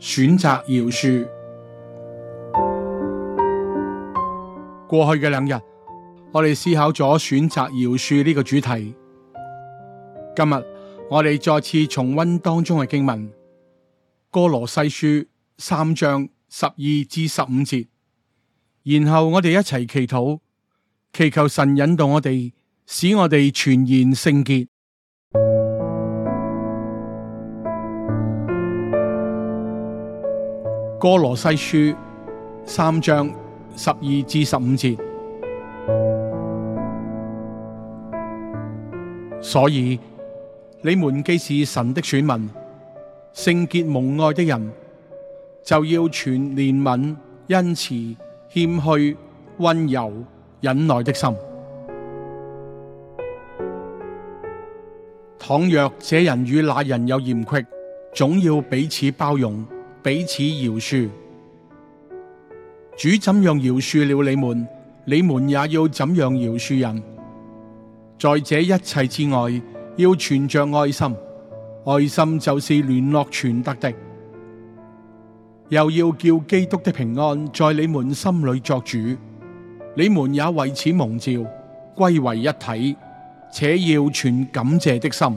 選擇饒恕。過去嘅兩日，我哋思考咗選擇饒恕呢個主題。今日我哋再次重溫當中嘅經文《歌羅西書》三章十二至十五節，然後我哋一齊祈禱，祈求神引導我哋，使我哋全然聖潔。歌羅西書三章十二至十五節，所以你們既是神的選民，聖潔蒙愛的人，就要存憐憫、恩慈、謙虛、温柔、忍耐的心。倘若這人與那人有嫌隙，總要彼此包容。彼此饒恕，主怎樣饒恕了你們，你們也要怎樣饒恕人。在這一切之外，要存着愛心，愛心就是聯絡全德的。又要叫基督的平安在你們心裏作主，你們也為此蒙召，歸為一體，且要存感謝的心。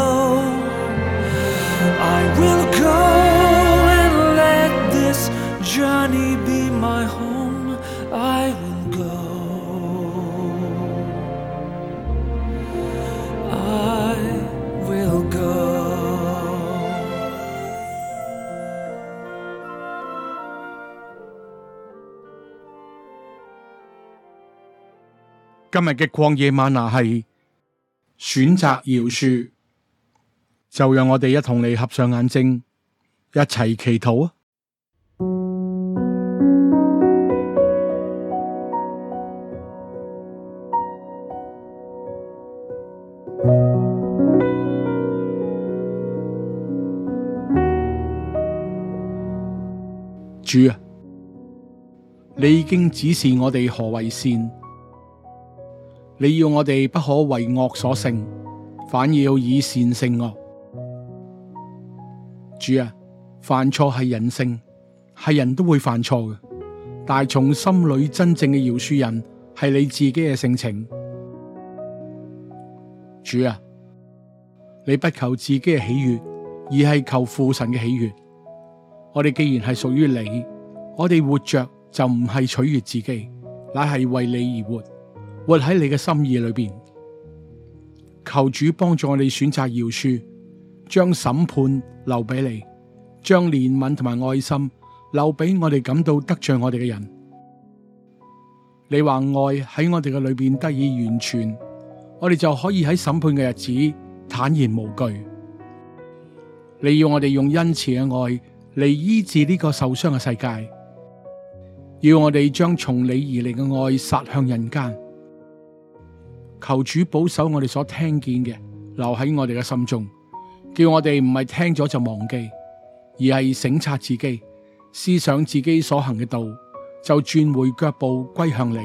今日嘅曠野嗎哪係選擇饒恕，就讓我哋一同你合上眼睛，一齊祈禱啊！主啊，你已經指示我哋何為善。你要我哋不可為惡所勝，反而要以善勝惡。主啊，犯錯係人性，係人都會犯錯嘅，但從心裏真正嘅饒恕人，係你自己嘅性情。主啊，你不求自己嘅喜悅，而係求父神嘅喜悅。我哋既然係屬於你，我哋活着就唔係取悅自己，乃係為你而活。活喺你嘅心意裏邊，求主幫助我哋選擇饒恕，將審判留俾你，將憐憫同埋愛心留俾我哋感到得罪我哋嘅人。你話愛喺我哋嘅裏邊得以完全，我哋就可以喺審判嘅日子坦然無懼。你要我哋用恩慈嘅愛嚟醫治呢個受傷嘅世界，要我哋將從你而嚟嘅愛撒向人間。求主保守我哋所聽見嘅，留喺我哋嘅心中，叫我哋唔係聽咗就忘記，而係省察自己，思想自己所行嘅道，就轉回腳步歸向你。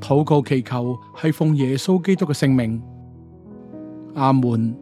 禱告祈求，係奉耶穌基督嘅聖名。阿門。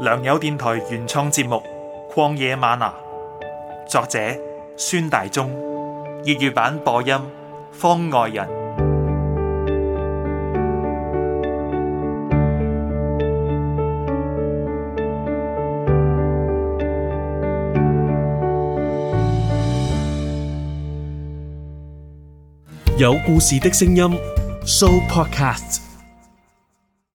良友電台原創節目《曠野嗎哪》，作者孫大中，粵語版播音方外人，有故事的聲音，Show Podcast。